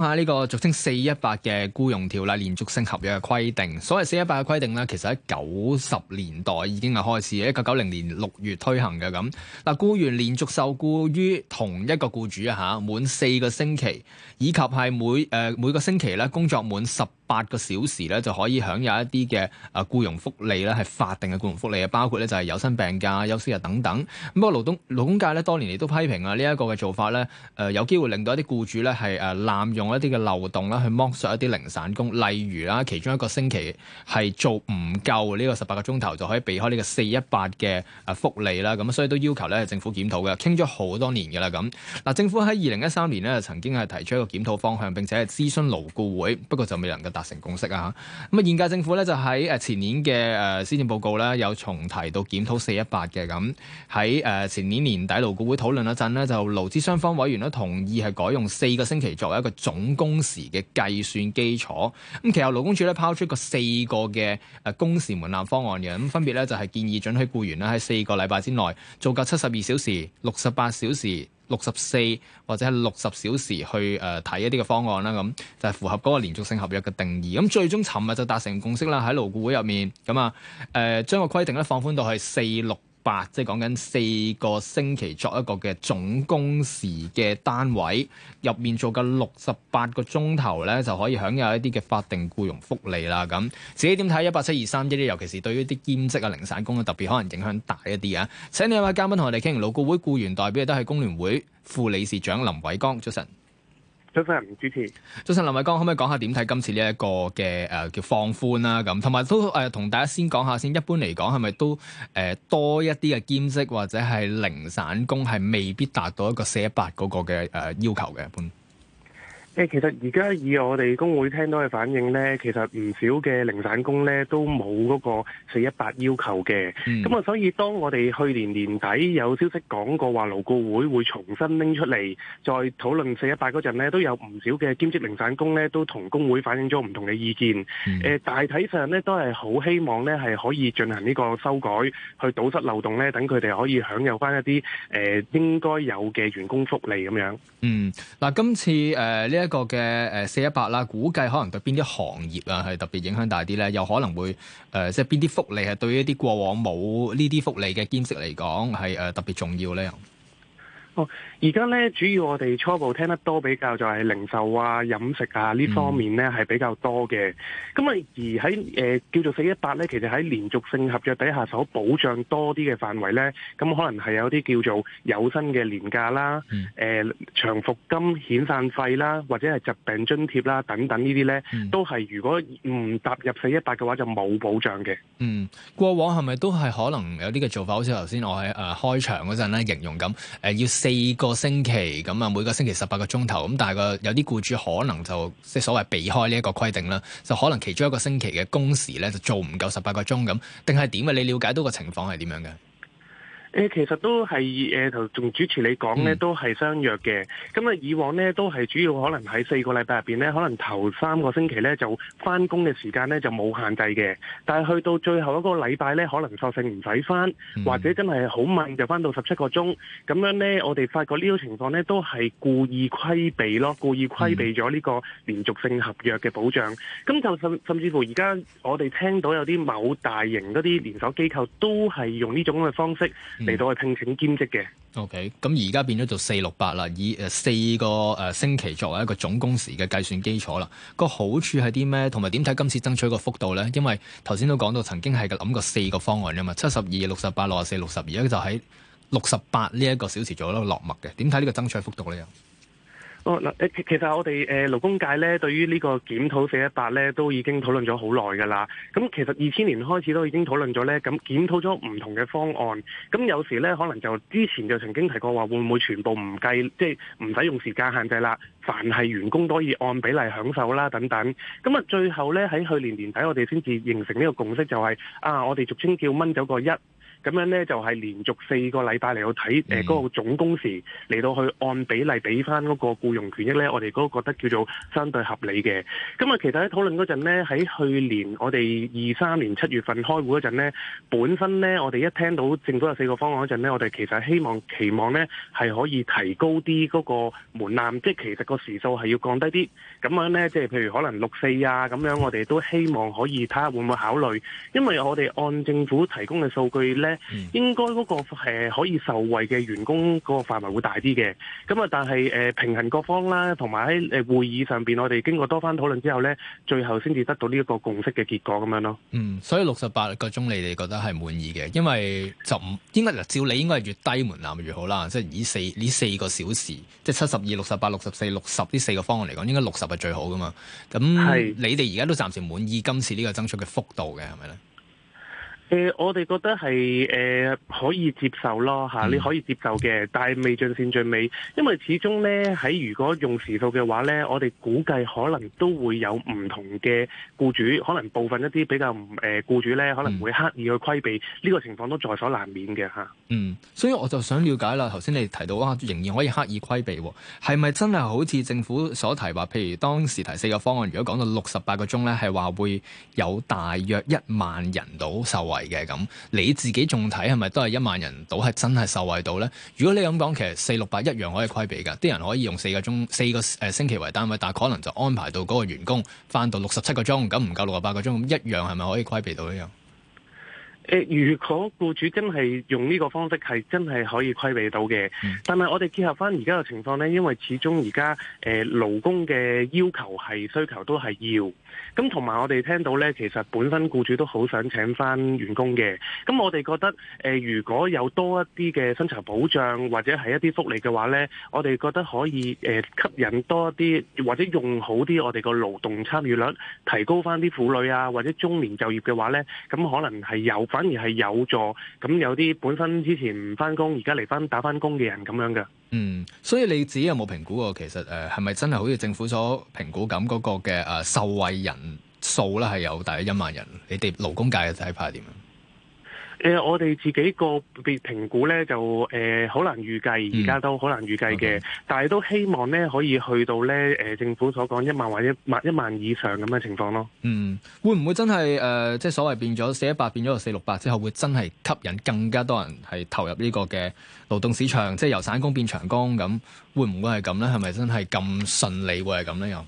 吓、這、呢個俗稱四一八嘅僱傭條例連續性合約嘅規定，所謂四一八嘅規定咧，其實喺九十年代已經係開始，一九九零年六月推行嘅咁。嗱，僱員連續受僱於同一個僱主吓，滿四個星期，以及係每誒、呃、每個星期咧工作滿十八個小時咧，就可以享有一啲嘅誒僱傭福利咧，係法定嘅僱傭福利啊，包括咧就係有薪病假、休息日等等。咁不過勞工勞工界多年嚟都批評啊，呢一個嘅做法咧，誒有機會令到一啲僱主咧係誒濫用一啲嘅漏洞啦，去剝削，削一啲零散工，例如啦，其中一個星期係做唔夠呢個十八個鐘頭，就可以避開呢個四一八嘅誒福利啦。咁所以都要求咧，政府檢討嘅，傾咗好多年㗎啦咁。嗱，政府喺二零一三年呢曾經係提出一個檢討方向，並且係諮詢勞顧會，不過就未能夠達成共識啊！咁啊，現屆政府咧就喺誒前年嘅誒施政報告咧，有重提到檢討四一八嘅咁。喺誒前年年底勞顧會討論了一陣呢，就勞資雙方委員咧同意係改用四個星期作為一個總工時嘅計算基礎。咁其後勞工處咧拋出個四個嘅誒工時門檻方案嘅，咁分別咧就係建議准許僱員咧喺四個禮拜之內做夠七十二小時、六十八小時。六十四或者係六十小時去呃、睇一啲嘅方案啦，咁就係符合嗰個連續性合約嘅定義。咁最終尋日就達成共識啦，喺勞顧會入面，咁啊、呃、將個規定咧放寬到係四六。八，即係講緊四個星期作一個嘅總工時嘅單位入面做夠六十八個鐘頭呢，就可以享有一啲嘅法定僱傭福利啦。咁自己點睇？一八七二三呢啲，尤其是對於啲兼職啊、零散工啊，特別可能影響大一啲啊。請你有位嘉賓同我哋傾，勞顧會僱員代表都係工聯會副理事長林偉江，早晨。最新唔支持。早晨。林偉江，可唔可以講下點睇今次呢一個嘅誒、呃、叫放寬啦、啊、咁，同埋都誒同、呃、大家先講下先。一般嚟講係咪都誒、呃、多一啲嘅兼職或者係零散工係未必達到一個四一八嗰個嘅誒、呃、要求嘅一般。誒，其實而家以我哋工會聽到嘅反應咧，其實唔少嘅零散工咧都冇嗰個四一八要求嘅。咁啊，所以當我哋去年年底有消息講過話勞顧會會重新拎出嚟再討論四一八嗰陣咧，都有唔少嘅兼職零散工咧都同工會反映咗唔同嘅意見。誒，大體上咧都係好希望咧係可以進行呢個修改，去堵塞漏洞咧，等佢哋可以享有返一啲誒應該有嘅員工福利咁樣。嗯，嗱，今次誒呢一這個嘅誒四一八啦，估計可能對邊啲行業啊係特別影響大啲咧，又可能會誒、呃、即係邊啲福利係對於一啲過往冇呢啲福利嘅兼職嚟講係誒特別重要咧。哦，而家咧主要我哋初步聽得多比較就係、是、零售啊、飲食啊呢方面咧係比較多嘅。咁、嗯、啊，而喺、呃、叫做四一八咧，其實喺連續性合約底下所保障多啲嘅範圍咧，咁可能係有啲叫做有薪嘅年假啦、嗯呃、長服金、遣散費啦，或者係疾病津貼啦等等呢啲咧、嗯，都係如果唔踏入四一八嘅話就冇保障嘅。嗯，過往係咪都係可能有啲嘅做法，好似頭先我喺誒開場嗰陣咧形容咁誒四個星期咁啊，每個星期十八個鐘頭咁，但係個有啲僱主可能就即係所謂避開呢一個規定啦，就可能其中一個星期嘅工時咧就做唔夠十八個鐘咁，定係點嘅？你了解到個情況係點樣嘅？呃，其實都係誒頭先主持你講呢都係相約嘅。咁啊，以往呢都係主要可能喺四個禮拜入面呢，可能頭三個星期呢就翻工嘅時間呢就冇限制嘅。但係去到最後一個禮拜呢，可能索性唔使翻，或者真係好慢就翻到十七個鐘。咁樣呢，我哋發覺呢種情況呢都係故意規避咯，故意規避咗呢個連續性合約嘅保障。咁就甚甚至乎而家我哋聽到有啲某大型嗰啲連鎖機構都係用呢種咁嘅方式。嚟到去聘請兼職嘅。O K，咁而家變咗做四六八啦，以誒四個誒星期作為一個總工時嘅計算基礎啦。個好處係啲咩？同埋點睇今次爭取個幅度呢？因為頭先都講到曾經係諗過四個方案噶嘛，七十二、六十八、六十四、六十，而家就喺六十八呢一個小時做咗落墨嘅。點睇呢個爭取幅度呢？哦嗱，誒，其實我哋誒勞工界咧，對於呢個檢討四一八咧，都已經討論咗好耐噶啦。咁其實二千年開始都已經討論咗咧，咁檢討咗唔同嘅方案。咁有時咧，可能就之前就曾經提過話，會唔會全部唔計，即係唔使用時間限制啦，凡係員工都可以按比例享受啦，等等。咁啊，最後咧喺去年年底，我哋先至形成呢個共識，就是，就係啊，我哋俗稱叫掹走個一。咁樣呢，就係連續四個禮拜嚟到睇嗰個總工時，嚟到去按比例俾翻嗰個僱傭權益呢，我哋都覺得叫做相對合理嘅。咁啊，其實喺討論嗰陣呢，喺去年我哋二三年七月份開會嗰陣呢，本身呢，我哋一聽到政府有四個方案嗰陣呢，我哋其實希望期望呢係可以提高啲嗰個門檻，即其實個時數係要降低啲。咁樣呢，即係譬如可能六四啊咁樣，我哋都希望可以睇下會唔會考慮，因為我哋按政府提供嘅數據呢。嗯、應該嗰個誒可以受惠嘅員工嗰個範圍會大啲嘅，咁啊但係誒平衡各方啦，同埋喺誒會議上邊，我哋經過多番討論之後咧，最後先至得到呢一個共識嘅結果咁樣咯。嗯，所以六十八個鐘，你哋覺得係滿意嘅，因為就應該嗱照你應該係越低門檻越好啦，即係以四呢四個小時，即係七十二、六十八、六十四、六十呢四個方案嚟講，應該六十係最好噶嘛。咁你哋而家都暫時滿意今次呢個增速嘅幅度嘅係咪咧？呃、我哋覺得係、呃、可以接受咯嚇，你可以接受嘅，但係未盡善盡美。因為始終呢，喺如果用時數嘅話呢，我哋估計可能都會有唔同嘅僱主，可能部分一啲比較誒、呃、僱主呢，可能會刻意去規避呢、呢個情況，都在所難免嘅嚇。嗯，所以我就想了解啦，頭先你提到啊，仍然可以刻意規避喎，係咪真係好似政府所提話？譬如當時提四個方案，如果講到六十八個鐘呢，係話會有大約一萬人到受惠。係嘅咁，你自己仲睇係咪都係一萬人到，係真係受惠到呢？如果你咁講，其實四六八一樣可以規避噶，啲人可以用四個鐘、四個誒、呃、星期為單位，但可能就安排到嗰個員工翻到六十七個鐘，咁唔夠六十八個鐘，咁一樣係咪可以規避到呢樣？誒、呃，如果僱主真係用呢個方式，係真係可以規避到嘅、嗯。但係我哋結合翻而家嘅情況呢，因為始終而家誒勞工嘅要求係需求都係要。咁同埋我哋聽到呢，其實本身僱主都好想請翻員工嘅。咁我哋覺得，呃，如果有多一啲嘅薪酬保障或者係一啲福利嘅話呢，我哋覺得可以，呃，吸引多一啲或者用好啲我哋個勞動參與率，提高翻啲婦女啊或者中年就業嘅話呢，咁可能係有反而係有助，咁有啲本身之前唔返工而家嚟返打返工嘅人咁樣嘅。嗯，所以你自己有冇評估過其實誒係咪真係好似政府所評估咁嗰、嗰個嘅誒、呃、受惠人數咧係有大約一萬人？你哋勞工界嘅睇法係點樣。呃、我哋自己個別評估咧，就誒好、呃、難預計，而家都好難預計嘅。嗯 okay. 但係都希望咧，可以去到咧、呃、政府所講一萬或一萬一萬以上咁嘅情況咯。嗯，會唔會真係誒、呃，即係所謂變咗四一八變咗四六八之後，會真係吸引更加多人係投入呢個嘅勞動市場，即係由散工變長工咁？會唔會係咁咧？係咪真係咁順利會係咁咧？又、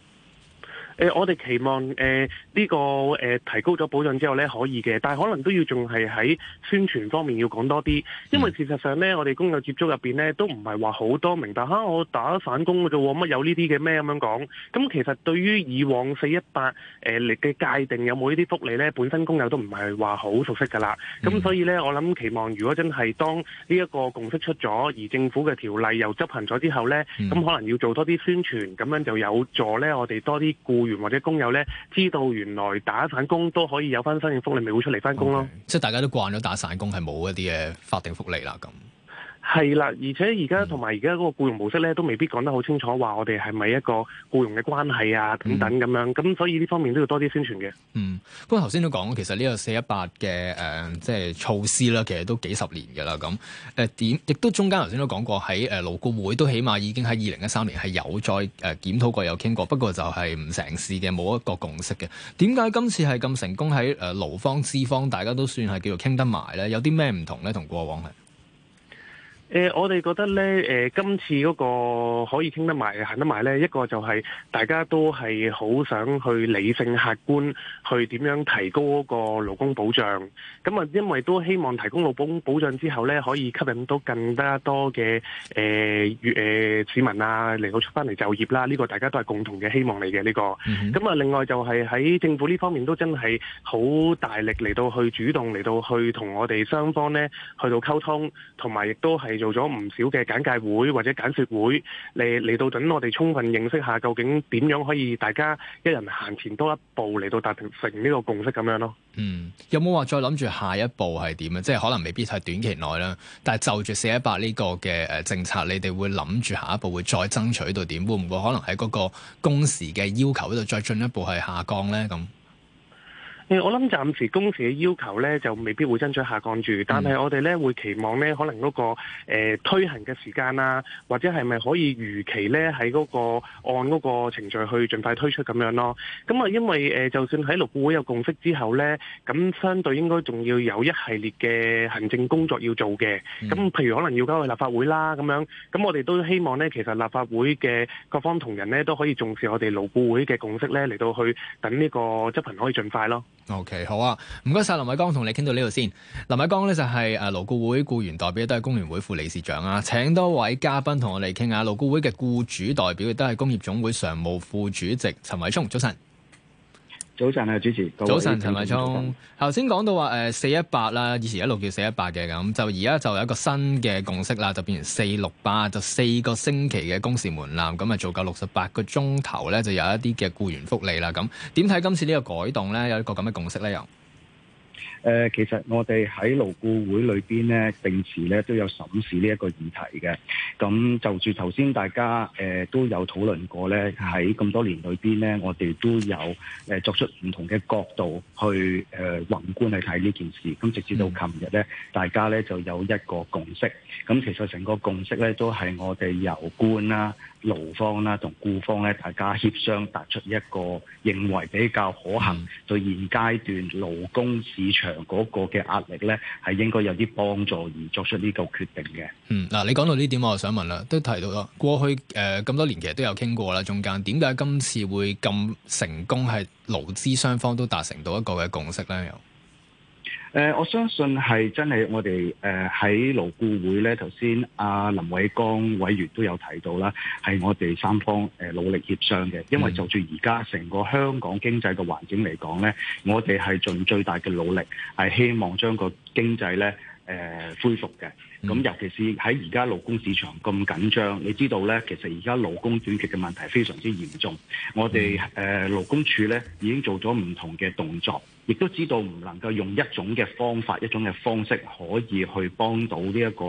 呃、我哋期望誒。呃呢、這個誒、呃、提高咗保障之後呢，可以嘅，但可能都要仲係喺宣傳方面要講多啲，因為事實上呢，我哋工友接觸入邊呢，都唔係話好多明白吓、啊、我打返工㗎喎，乜有呢啲嘅咩咁樣講？咁其實對於以往四一八例嘅界定有冇呢啲福利呢？本身工友都唔係話好熟悉㗎啦。咁、嗯、所以呢，我諗期望如果真係當呢一個共識出咗，而政府嘅條例又執行咗之後呢，咁、嗯、可能要做多啲宣傳，咁樣就有助呢，我哋多啲僱員或者工友呢知道。原來打散工都可以有翻新嘅福利，咪會出嚟翻工咯。Okay. 即係大家都慣咗打散工，係冇一啲嘅法定福利啦咁。係啦，而且而家同埋而家嗰個僱傭模式咧，都未必講得好清楚，話我哋係咪一個僱傭嘅關係啊，等等咁樣。咁所以呢方面都要多啲宣傳嘅。嗯，不、嗯、過頭先都講，其實呢個四一八嘅誒，即、呃、係、就是、措施啦，其實都幾十年噶啦。咁誒，點、呃、亦都中間頭先都講過，喺誒勞顧會都起碼已經喺二零一三年係有再誒檢討過，有傾過。不過就係唔成事嘅，冇一個共識嘅。點解今次係咁成功喺誒勞方資方大家都算係叫做傾得埋咧？有啲咩唔同咧？同過往係？誒、呃，我哋覺得呢，誒、呃，今次嗰個可以傾得埋行得埋呢一個就係大家都係好想去理性、客觀去點樣提高嗰個勞工保障。咁、嗯、啊，因為都希望提供勞工保障之後呢，可以吸引到更加多嘅誒誒市民啊嚟到出翻嚟就業啦。呢個大家都係共同嘅希望嚟嘅呢個。咁啊 Mm-hmm. 嗯嗯，另外就係喺政府呢方面都真係好大力嚟到去主動嚟到去同我哋雙方呢去到溝通，同埋亦都係，做咗唔少嘅簡介會或者簡說會嚟嚟到等我哋充分認識下，究竟點樣可以大家一人行前多一步嚟到達成呢個共識咁樣咯。嗯，有冇話再諗住下一步係點啊？即係可能未必係短期內啦，但係就住四一八呢個嘅誒政策，你哋會諗住下一步會再爭取到點？會唔會可能喺嗰個工時嘅要求度再進一步去下降咧？咁？我諗暫時工時嘅要求咧就未必會爭取下降住，但係我哋咧會期望咧可能嗰、嗰個誒、呃、推行嘅時間啦，或者係咪可以如期咧喺嗰個按嗰個程序去盡快推出咁樣咯。咁啊，因為誒、呃、就算喺勞顧會有共識之後咧，咁相對應該仲要有一系列嘅行政工作要做嘅。咁譬如可能要交去立法會啦，咁樣。咁我哋都希望咧，其實立法會嘅各方同仁咧都可以重視我哋勞顧會嘅共識咧嚟到去等呢個執行可以盡快咯。O.K. 好啊，唔該晒林偉江同你傾到呢度先。林偉江呢，就係誒勞雇會雇員代表，都係工聯會副理事長啊，請多位嘉賓同我哋傾下勞雇會嘅雇主代表，亦都係工業總會常務副主席陳偉聰，早晨。早晨啊，主持。早晨，陳偉聰。頭先講到話誒四一八啦，以前一路叫四一八嘅，咁就而家就有一個新嘅共識啦，就變成四六八，就四個星期嘅工時門檻，咁啊做夠六十八個鐘頭咧，就有一啲嘅僱員福利啦。咁點睇今次呢個改動咧？有一個咁嘅共識咧又？誒、呃，其實我哋喺勞顧會裏邊咧，定時咧都有審視呢一個議題嘅。咁就住頭先大家誒、呃、都有討論過呢，喺咁多年裏邊呢，我哋都有誒、呃、作出唔同嘅角度去誒、呃、宏觀去睇呢件事。咁直至到琴日呢，大家呢就有一個共識。咁其實成個共識呢，都係我哋由觀啦。勞方啦同僱方咧，大家協商達出一個認為比較可行，對現階段勞工市場嗰個嘅壓力咧，係應該有啲幫助而作出呢個決定嘅。嗯，嗱，你講到呢點，我就想問啦，都提到啦，過去誒咁、呃、多年其實都有傾過啦，中間點解今次會咁成功，係勞資雙方都達成到一個嘅共識咧？誒，我相信係真係我哋誒喺勞顧會呢，頭先阿林偉江委員都有提到啦，係我哋三方誒努力協商嘅，因為就住而家成個香港經濟嘅環境嚟講呢，我哋係盡最大嘅努力，係希望將個經濟呢。誒、呃、恢復嘅，咁尤其是喺而家勞工市場咁緊張，你知道呢？其實而家勞工短缺嘅問題非常之嚴重。我哋誒、呃、勞工處呢已經做咗唔同嘅動作，亦都知道唔能夠用一種嘅方法、一種嘅方式可以去幫到呢、這、一個、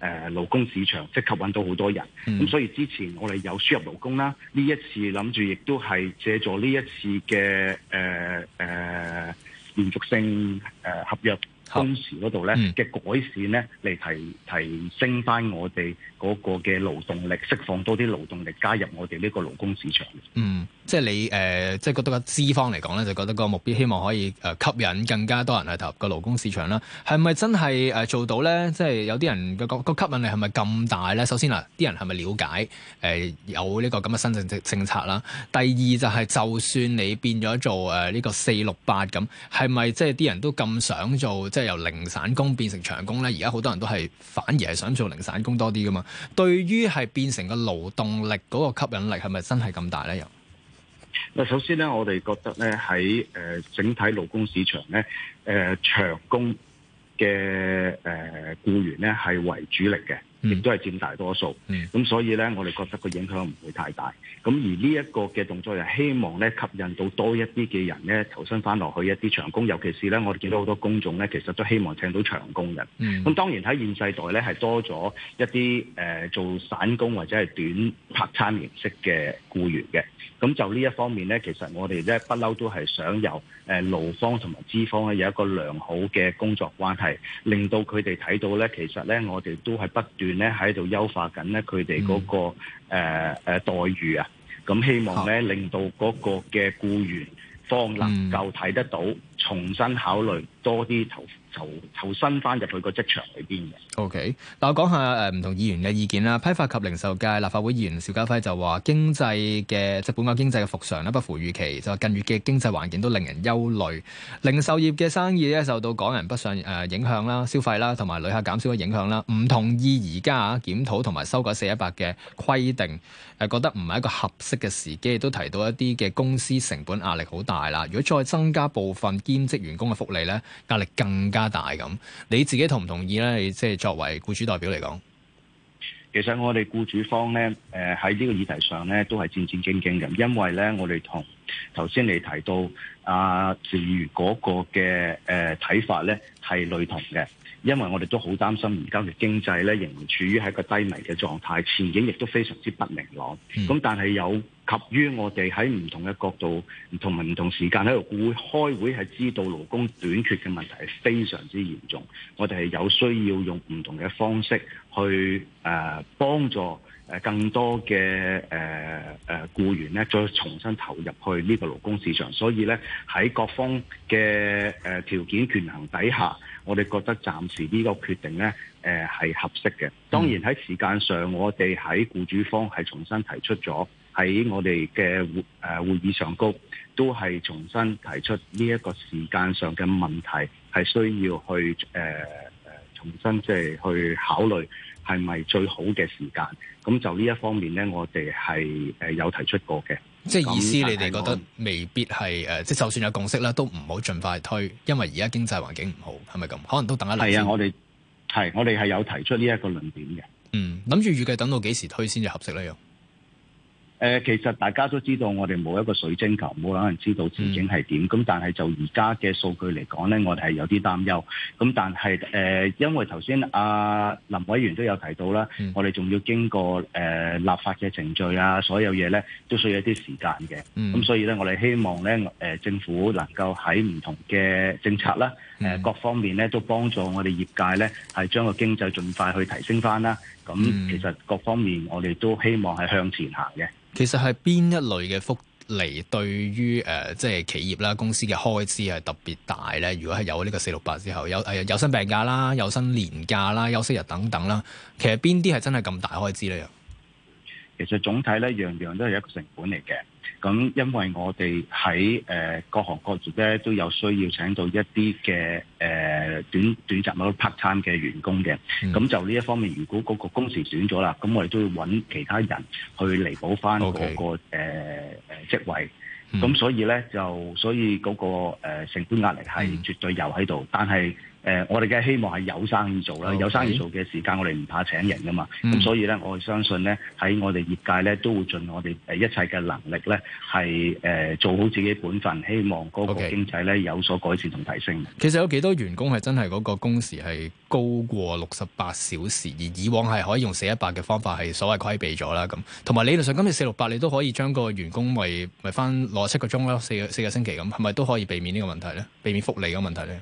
呃、勞工市場即刻揾到好多人。咁、嗯、所以之前我哋有輸入勞工啦，呢一次諗住亦都係借助呢一次嘅誒誒連續性、呃、合約。工時嗰度咧嘅改善咧，嚟提提升翻我哋嗰個嘅勞動力，釋放多啲勞動力，加入我哋呢個勞工市場。嗯。即係你、呃、即係覺得個資方嚟講咧，就覺得個目標希望可以、呃、吸引更加多人去投入個勞工市場啦。係咪真係做到咧？即、就、係、是、有啲人個個吸引力係咪咁大咧？首先啦啲、啊、人係咪了解、呃、有呢個咁嘅新政政策啦？第二就係、是，就算你變咗做呢、呃這個四六八咁，係咪即係啲人都咁想做即係、就是、由零散工變成長工咧？而家好多人都係反而係想做零散工多啲㗎嘛。對於係變成個勞動力嗰、那個吸引力係咪真係咁大咧？嗱，首先咧，我哋覺得咧喺誒整體勞工市場咧，誒長工嘅誒僱員咧係為主力嘅，亦都係佔大多數。咁所以咧，我哋覺得個影響唔會太大。咁而呢一個嘅動作又希望咧吸引到多一啲嘅人咧投身翻落去一啲長工，尤其是咧我哋見到好多工種咧，其實都希望請到長工嘅。咁當然喺現世代咧係多咗一啲誒做散工或者係短派餐形式嘅僱員嘅。咁就呢一方面呢，其實我哋呢不嬲都係想由誒勞方同埋資方有一個良好嘅工作關係，令到佢哋睇到呢。其實呢，我哋都係不斷呢喺度優化緊呢佢哋嗰個誒、嗯呃呃、待遇啊。咁希望呢，令到嗰個嘅僱員方能夠睇得到、嗯。嗯重新考慮多啲投投投身翻入去個職場裏邊嘅。O K. 嗱，我講下誒唔同議員嘅意見啦。批發及零售界立法會議員邵家輝就話，經濟嘅即本港經濟嘅復常咧，不符預期。就近月嘅經濟環境都令人憂慮。零售業嘅生意咧，受到港人北上誒影響啦、消費啦，同埋旅客減少嘅影響啦。唔同意而家啊檢討同埋修改四一八嘅規定，係覺得唔係一個合適嘅時機。亦都提到一啲嘅公司成本壓力好大啦。如果再增加部分，兼職員工嘅福利呢，壓力更加大咁。你自己同唔同意呢？你即係作為僱主代表嚟講，其實我哋僱主方呢，誒喺呢個議題上呢，都係戰戰兢兢咁，因為呢，我哋同。頭先你提到啊，至於嗰個嘅誒睇法咧係類同嘅，因為我哋都好擔心而家嘅經濟咧仍然處於喺一個低迷嘅狀態，前景亦都非常之不明朗。咁、嗯、但係有及於我哋喺唔同嘅角度、唔同同唔同時間喺度會開會，係知道勞工短缺嘅問題係非常之嚴重，我哋係有需要用唔同嘅方式去誒幫、呃、助。誒更多嘅誒誒僱員咧，再重新投入去呢個勞工市場，所以咧喺各方嘅誒條件權衡底下，我哋覺得暫時呢個決定咧誒係合適嘅。當然喺時間上，我哋喺僱主方係重新提出咗喺我哋嘅會誒會議上高，都係重新提出呢一個時間上嘅問題係需要去誒誒重新即係去考慮。係咪最好嘅時間？咁就呢一方面咧，我哋係、呃、有提出過嘅。即係意思，你哋覺得未必係、呃、即係就算有共識啦，都唔好盡快推，因為而家經濟環境唔好，係咪咁？可能都等一輪。係啊，我哋係我哋係有提出呢一個論點嘅。嗯，諗住預計等到幾時推先至合適呢？誒、呃，其實大家都知道，我哋冇一個水晶球，冇可能知道前景係點。咁、嗯、但係就而家嘅數據嚟講呢，我哋係有啲擔憂。咁但係誒、呃，因為頭先阿林委員都有提到啦、嗯，我哋仲要經過誒、呃、立法嘅程序啊，所有嘢呢都需要一啲時間嘅。咁、嗯、所以呢，我哋希望呢、呃、政府能夠喺唔同嘅政策啦、嗯，各方面呢都幫助我哋業界呢係將個經濟盡快去提升返啦。咁其實各方面我哋都希望係向前行嘅。其實係邊一類嘅福利對於誒即係企業啦、公司嘅開支係特別大咧？如果係有呢個四一八之後，有誒有薪病假啦、有薪年假啦、休息日等等啦，其實邊啲係真係咁大開支咧？其實總體咧，樣樣都係一個成本嚟嘅。咁因為我哋喺誒各行各業咧都有需要請到一啲嘅誒短短暫 part time 嘅員工嘅，咁、嗯、就呢一方面，如果嗰個工時短咗啦，咁我哋都要搵其他人去彌補翻嗰個誒誒職位，咁、okay、所以咧就所以嗰個成本壓力係絕對有喺度，嗯、但係。呃、我哋嘅希望係有生意做啦，okay. 有生意做嘅時間，我哋唔怕請人噶嘛。咁、嗯、所以咧，我相信咧，喺我哋業界咧，都會盡我哋一切嘅能力咧，係、呃、做好自己本分，希望嗰個經濟咧、okay. 有所改善同提升。其實有幾多員工係真係嗰個工時係高過六十八小時，而以往係可以用四一八嘅方法係所謂規避咗啦。咁同埋理論上，今次四六八你都可以將個員工咪咪翻六七個鐘咯，四個四個星期咁，係咪都可以避免呢個問題咧？避免福利嘅問題咧？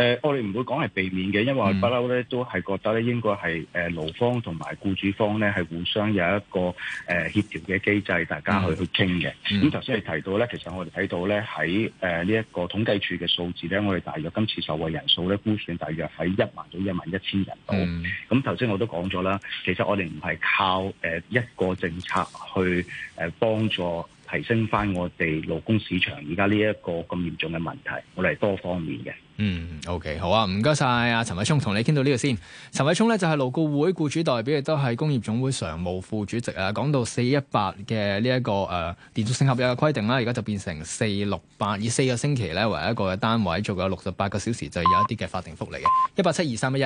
誒、呃，我哋唔會講係避免嘅，因為我不嬲咧都係覺得咧應該係誒勞方同埋僱主方咧係互相有一個誒協調嘅機制，大家去、嗯、去傾嘅。咁頭先你提到咧，其實我哋睇到咧喺誒呢一、呃這個統計處嘅數字咧，我哋大約今次受惠人數咧估算大約喺一萬到一萬一千人度。咁頭先我都講咗啦，其實我哋唔係靠誒、呃、一個政策去誒幫、呃、助提升翻我哋勞工市場而家呢一個咁嚴重嘅問題，我哋係多方面嘅。嗯，OK，好啊，唔該晒啊，陳偉聰同你傾到呢度先。陳偉聰呢，就係勞顧會雇主代表，亦都係工業總會常務副主席啊。講到四一八嘅呢一個誒、呃、連續性合約嘅規定啦，而家就變成四六八，以四個星期咧為一個單位，做咗六十八個小時就是、有一啲嘅法定福利嘅一八七二三一一。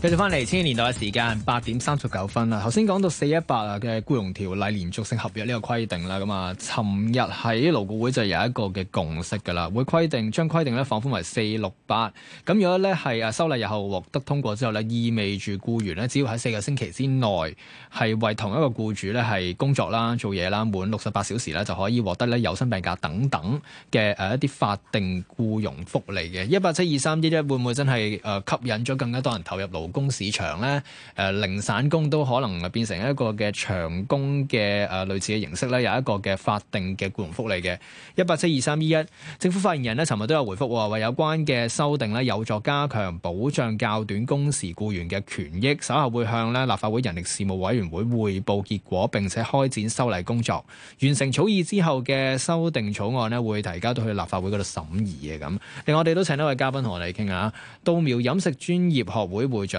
繼續翻嚟千禧年代嘅時間，八點三十九分啦。頭先講到四一八啊嘅僱傭條例連續性合約呢個規定啦，咁啊，尋日喺勞顧會就有一個嘅共識噶啦，會規定將規定咧放寬為四六八。咁如果咧係啊修例日後獲得通過之後咧，意味住僱員咧只要喺四個星期之內係為同一個僱主咧係工作啦，做嘢啦，滿六十八小時咧就可以獲得咧有薪病假等等嘅誒一啲法定僱傭福利嘅一八七二三一一會唔會真係誒、呃、吸引咗更加多人投入勞工市場咧，誒、呃、零散工都可能變成一個嘅長工嘅誒、呃、類似嘅形式咧，有一個嘅法定嘅僱傭福利嘅一八七二三二一。政府發言人呢尋日都有回覆話，有關嘅修訂呢有助加強保障較短工時雇員嘅權益，稍後會向呢立法會人力事務委員會匯報結果，並且開展修例工作，完成草擬之後嘅修訂草案呢，會提交到去立法會嗰度審議嘅咁。另外，我哋都請一位嘉賓同我哋傾下，稻苗飲食專業學會會長。.徐汶緯早晨，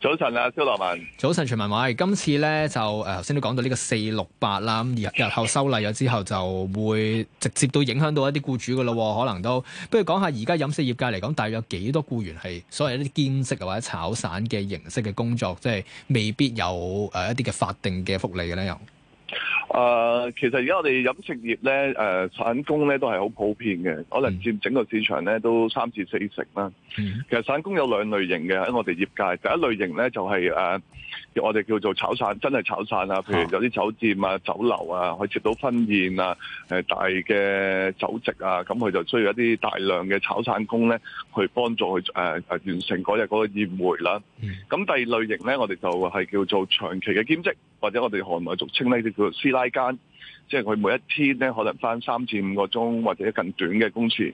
早晨啊，蕭洛文，早晨徐汶緯，今次咧就誒，頭先都講到呢個四六八啦，咁日日後修例咗之後，就會直接都影響到一啲雇主噶咯，可能都不如講下而家飲食業界嚟講，大約幾多雇員係所謂一啲兼職或者炒散嘅形式嘅工作，即係未必有誒、啊、一啲嘅法定嘅福利嘅咧又。誒、呃，其實而家我哋飲食業咧，誒、呃、散工咧都係好普遍嘅，可能佔整個市場咧都三至四成啦。Mm -hmm. 其實散工有兩類型嘅喺我哋業界，第一類型咧就係、是、誒、呃、我哋叫做炒散，真係炒散啊，譬如有啲酒店啊、酒樓啊，可以接到婚宴啊、呃、大嘅酒席啊，咁佢就需要一啲大量嘅炒散工咧去幫助去誒、呃、完成嗰日嗰個宴會啦。咁、mm -hmm. 第二類型咧，我哋就係叫做長期嘅兼職，或者我哋行內俗稱呢，就叫做師奶。間 即係佢每一天咧，可能返三至五個鐘或者更短嘅工時，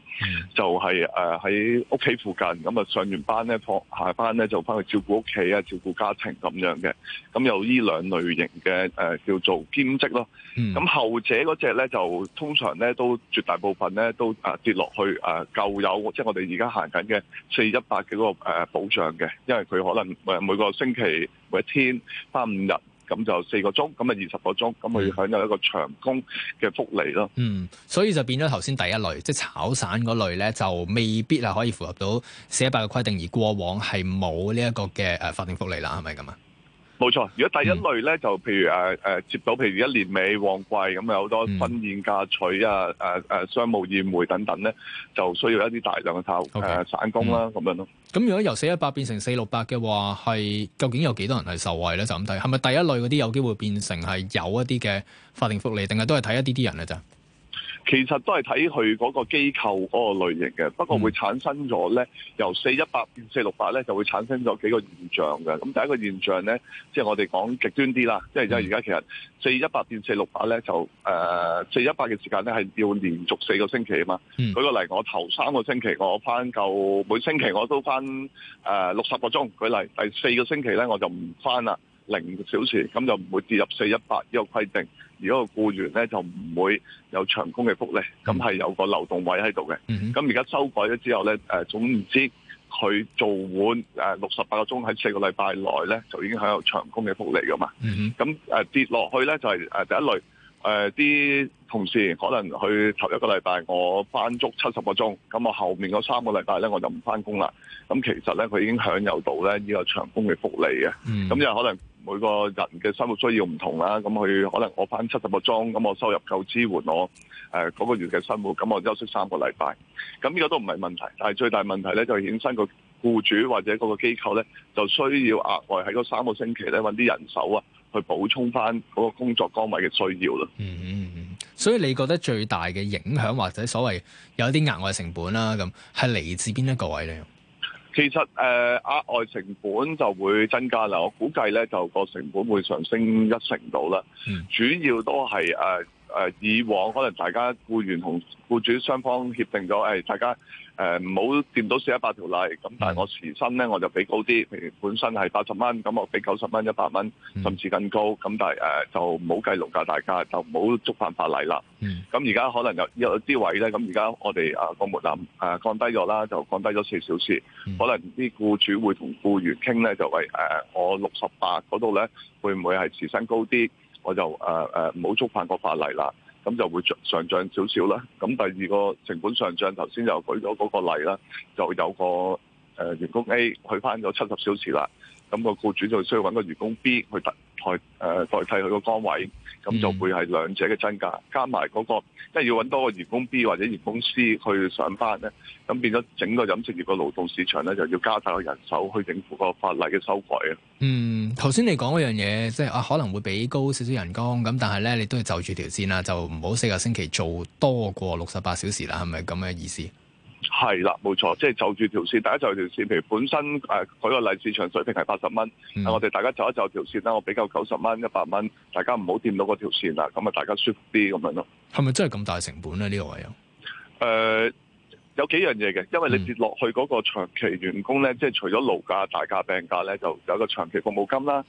就係誒喺屋企附近咁啊，上完班咧，放下班咧就返去照顧屋企啊、照顧家庭咁樣嘅。咁有呢兩類型嘅誒、呃、叫做兼職咯。咁 後者嗰隻咧就通常咧都絕大部分咧都誒跌落去誒舊有，即、就、係、是、我哋而家行緊嘅四一八嘅嗰個保障嘅，因為佢可能誒每個星期每一天返五日。咁就四個鐘，咁啊二十個鐘，咁佢享有一個長工嘅福利咯。嗯，所以就變咗頭先第一類，即係炒散嗰類咧，就未必係可以符合到四一八嘅規定，而過往係冇呢一個嘅誒法定福利啦，係咪咁啊？冇錯，如果第一類咧、嗯，就譬如誒、呃、接到譬如一年尾旺季咁，有好多婚宴嫁娶啊、商務宴會等等咧，就需要一啲大量嘅炒散工啦，咁、嗯、樣咯。咁如果由四一八變成四六八嘅話，係究竟有幾多人係受惠咧？就咁睇，係咪第一類嗰啲有機會變成係有一啲嘅法定福利，定係都係睇一啲啲人嘅啫？其實都係睇佢嗰個機構嗰個類型嘅，不過會產生咗咧由四一八變四六八咧，就會產生咗幾個現象嘅。咁第一個現象咧，即係我哋講極端啲啦，即係而家其實四一八變四六八咧，就誒四一八嘅時間咧係要連續四個星期啊嘛、嗯。舉個例，我頭三個星期我翻夠每星期我都翻誒六十個鐘，舉例第四個星期咧我就唔翻啦。零小時咁就唔會跌入四一八呢個規定，而嗰個僱員咧就唔會有長工嘅福利，咁係有個流動位喺度嘅。咁而家修改咗之後咧，誒、呃、總言之，佢做滿誒六十八個鐘喺四個禮拜內咧，就已經享有長工嘅福利噶嘛。咁、呃、跌落去咧就係、誒、第一類。誒、呃、啲同事可能去頭一個禮拜，我翻足七十個鐘，咁我後面嗰三個禮拜咧，我就唔翻工啦。咁其實咧，佢已經享有到咧呢、這個長工嘅福利嘅。咁、嗯、又可能每個人嘅生活需要唔同啦，咁佢可能我翻七十個鐘，咁我收入夠支援我誒嗰、呃那個月嘅生活，咁我休息三個禮拜，咁呢個都唔係問題。但係最大問題咧，就係、是、衍生個僱主或者個個機構咧，就需要額外喺嗰三個星期咧搵啲人手啊。去補充翻嗰個工作崗位嘅需要咯。嗯嗯嗯，所以你覺得最大嘅影響或者所謂有啲額外成本啦，咁係嚟自邊一個位呢？其實誒、呃、額外成本就會增加啦，我估計呢，就個成本會上升一成度啦、嗯。主要都係誒。誒以往可能大家雇員同雇主雙方協定咗，誒大家誒唔好掂到四一八條例，咁但係我時薪咧我就俾高啲，譬如本身係八十蚊，咁我俾九十蚊、一百蚊，甚至更高，咁但係、呃、就唔好計勞假，大家就唔好觸犯法例啦。咁而家可能有有啲位咧，咁而家我哋啊個門檻誒降低咗啦，就降低咗四小時，可能啲僱主會同僱員傾咧，就為誒、呃、我六十八嗰度咧，會唔會係時薪高啲？我就誒誒唔好觸犯個法例啦，咁就會上漲少少啦。咁第二個成本上漲，頭先又舉咗嗰個例啦，就有個誒員工 A 去翻咗七十小時啦，咁個僱主就需要揾個員工 B 去替替、呃代替佢個崗位，咁就會係兩者嘅增加，加埋嗰、嗰個即係要揾多個員工 B 或者員工 C 去上班咧，咁變咗整個飲食業個勞動市場咧，就要加曬個人手去應付個法例嘅修改啊。嗯，頭先你講嗰樣嘢，即係啊可能會俾高少少人工，咁但係咧你都要就住條線啊，就唔好四個星期做多過六十八小時啦，係咪咁嘅意思？係啦，冇錯，即係就住條線，大家就條線。譬如本身誒、呃、舉個例子，市場水平係八十蚊，我哋大家走一走條線啦。我畀夠九十蚊、一百蚊，大家唔好掂到嗰條線啦，咁啊大家舒服啲咁樣咯。係咪真係咁大成本咧？呢、呢個位啊？誒、呃、有幾樣嘢嘅，因為你跌落去嗰個長期員工咧、嗯，即係除咗勞假、大假、病假咧，就有個長期服務金啦。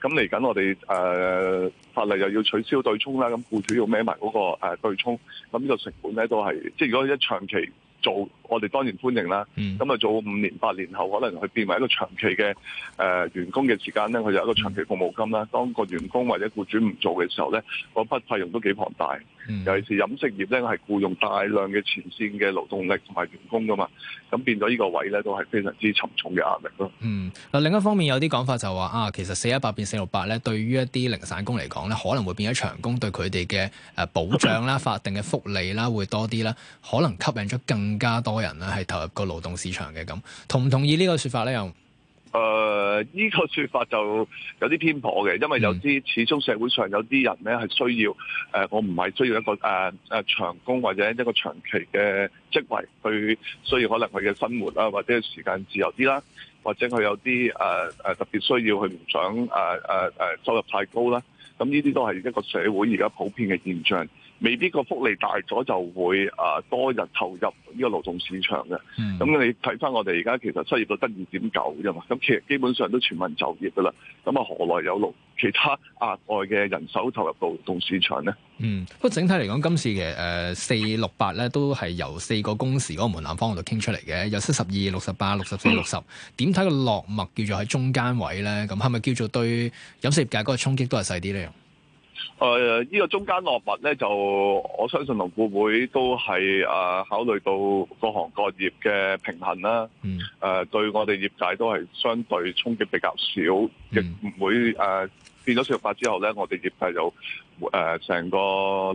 咁嚟緊我哋誒、呃、法例又要取消對沖啦，咁僱主要孭埋嗰個、呃、對對沖，咁呢個成本咧都係即係如果一長期。做我哋當然歡迎啦。咁啊，做五年八年後，可能佢變為一個長期嘅誒員工嘅時間咧，佢就一個長期服務金啦。當個員工或者僱主唔做嘅時候咧，嗰筆費用都幾龐大。尤其是飲食業咧，係僱用大量嘅前線嘅勞動力同埋員工噶嘛，咁變咗呢個位咧，都係非常之沉重嘅壓力咯。嗯，嗱另一方面有啲講法就話、是、啊，其實四一八變四六八咧，對於一啲零散工嚟講咧，可能會變咗長工對佢哋嘅誒保障啦、 法定嘅福利啦，會多啲啦，可能吸引出更多更加多人咧，係投入個勞動市場嘅，咁，同唔同意呢個說法咧？又、呃，誒、這、呢個說法就有啲偏頗嘅，因為有啲始終社會上有啲人咧係需要，誒、呃，我唔係需要一個誒誒、呃、長工或者一個長期嘅職位去需要，可能佢嘅生活啊，或者時間自由啲啦，或者佢有啲誒誒特別需要，佢唔想誒誒誒收入太高啦。咁呢啲都係一個社會而家普遍嘅現象，未必個福利大咗就會誒多人投入呢個勞動市場嘅。咁、mm. 你睇翻我哋而家其實失業率得二點九啫嘛，咁其實基本上都全民就業噶啦，咁啊何來有其他額外嘅人手投入勞動市場呢？嗯，不過整體嚟講，今次嘅誒四六八咧，呃、4, 6, 都係由四個工時嗰個門檻方向度傾出嚟嘅，有七十二、六十八、六十四、六十，點睇個落墨叫做喺中間位咧？咁係咪叫做對飲食業界嗰個衝擊都係細啲咧？誒、呃，呢、這個中間落墨咧，就我相信勞顧會都係誒、啊、考慮到各行各業嘅平衡啦。誒、嗯啊，對我哋業界都係相對衝擊比較少，亦、嗯、唔會誒。啊變咗418之後咧，我哋業界就誒成、呃、個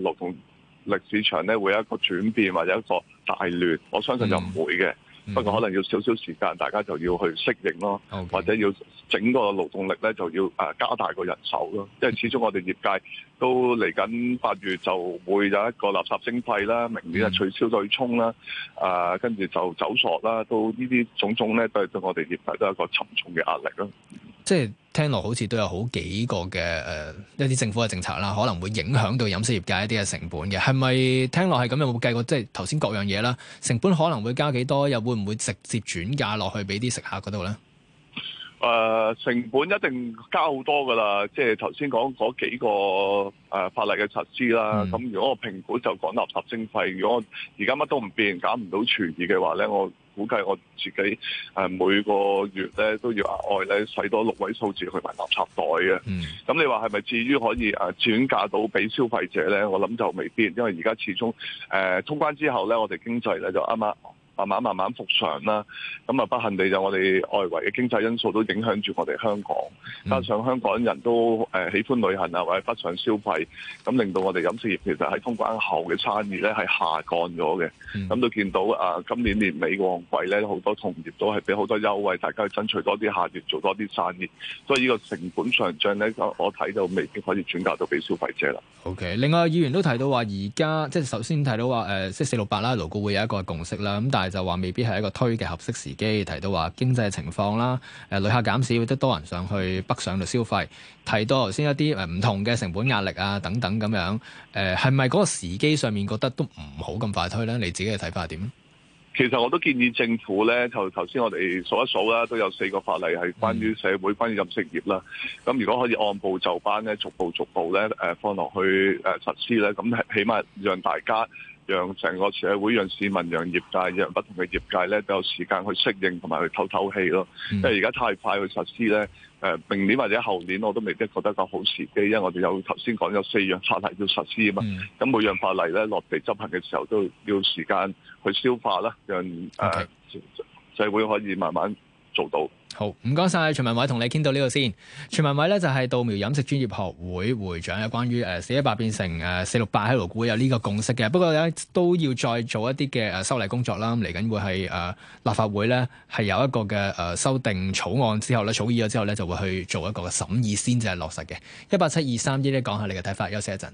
勞動力市場咧會有一個轉變或者一個大亂，我相信就唔會嘅。Mm -hmm. 不過可能要少少時間，大家就要去適應咯，okay. 或者要整個勞動力咧就要、呃、加大個人手咯。因為始終我哋業界都嚟緊八月就會有一個垃圾徵費啦，明年啊取消再沖啦，啊、mm -hmm. 呃、跟住就走索啦，到呢啲種種咧對對我哋業界都係一個沉重嘅壓力咯。即係聽落好似都有好幾個嘅誒、呃、一啲政府嘅政策啦，可能會影響到飲食業界一啲嘅成本嘅，係咪聽落係咁有冇計過？即係頭先各樣嘢啦，成本可能會加幾多，又會唔會直接轉嫁落去俾啲食客嗰度咧？誒、呃，成本一定加好多噶啦，即係頭先講嗰幾個誒、呃、法例嘅實施啦。咁、嗯、如果我評估就講垃圾徵費，如果而家乜都唔變，搞唔到廚餘嘅話咧，我。估計我自己誒每個月咧都要額外咧使多六位數字去埋垃圾袋嘅。咁、嗯、你話係咪至於可以誒轉嫁到俾消費者咧？我諗就未必，因為而家始終誒、呃、通關之後咧，我哋經濟咧就啱啱。慢慢慢慢復常啦，咁啊不幸地就我哋外圍嘅經濟因素都影響住我哋香港，加上香港人都誒喜歡旅行啊，或者不想消費，咁令到我哋飲食業其實喺通關後嘅產業咧係下降咗嘅。咁、嗯、都見到啊今年年尾旺季咧好多同業都係俾好多優惠，大家去爭取多啲客源，做多啲生意，所以呢個成本上漲咧，我睇到未必可以轉嫁到俾消費者啦。OK，另外議員都提到話而家即係首先提到話誒即係四六八啦，勞顧會有一個共識啦，咁但係就話未必係一個推嘅合適時機，提到話經濟的情況啦，誒、呃、旅客減少，得多人上去北上度消費，提到頭先一啲誒唔同嘅成本壓力啊等等咁樣，誒係咪嗰個時機上面覺得都唔好咁快推呢？你自己嘅睇法係點？其實我都建議政府呢，就頭先我哋數一數啦，都有四個法例係關於社會、關於飲食業啦。咁、嗯、如果可以按部就班呢，逐步逐步呢，誒、呃、放落去誒、呃、實施呢，咁起碼讓大家。讓成個社會、讓市民、讓業界、讓不同嘅業界咧，都有時間去適應同埋去透透氣咯。因為而家太快去實施咧、呃，明年或者後年我都未必覺得個好時機，因為我哋有頭先講有四樣法例要實施啊嘛。咁、嗯、每樣法例咧落地執行嘅時候都要時間去消化啦，讓誒、okay. 呃、社會可以慢慢。做到好，唔該晒徐汶緯同你傾到呢度先。徐汶緯咧就係稻苗飲食專業學會會長，有關於誒四一八變成誒四六八喺度會有呢個共識嘅。不過咧都要再做一啲嘅誒修例工作啦。嚟緊會係誒立法會咧係有一個嘅誒修訂草案之後咧草擬咗之後咧就會去做一個審議先至係、就是、落實嘅。187231, 一八七二三，依家講下你嘅睇法，休息一陣。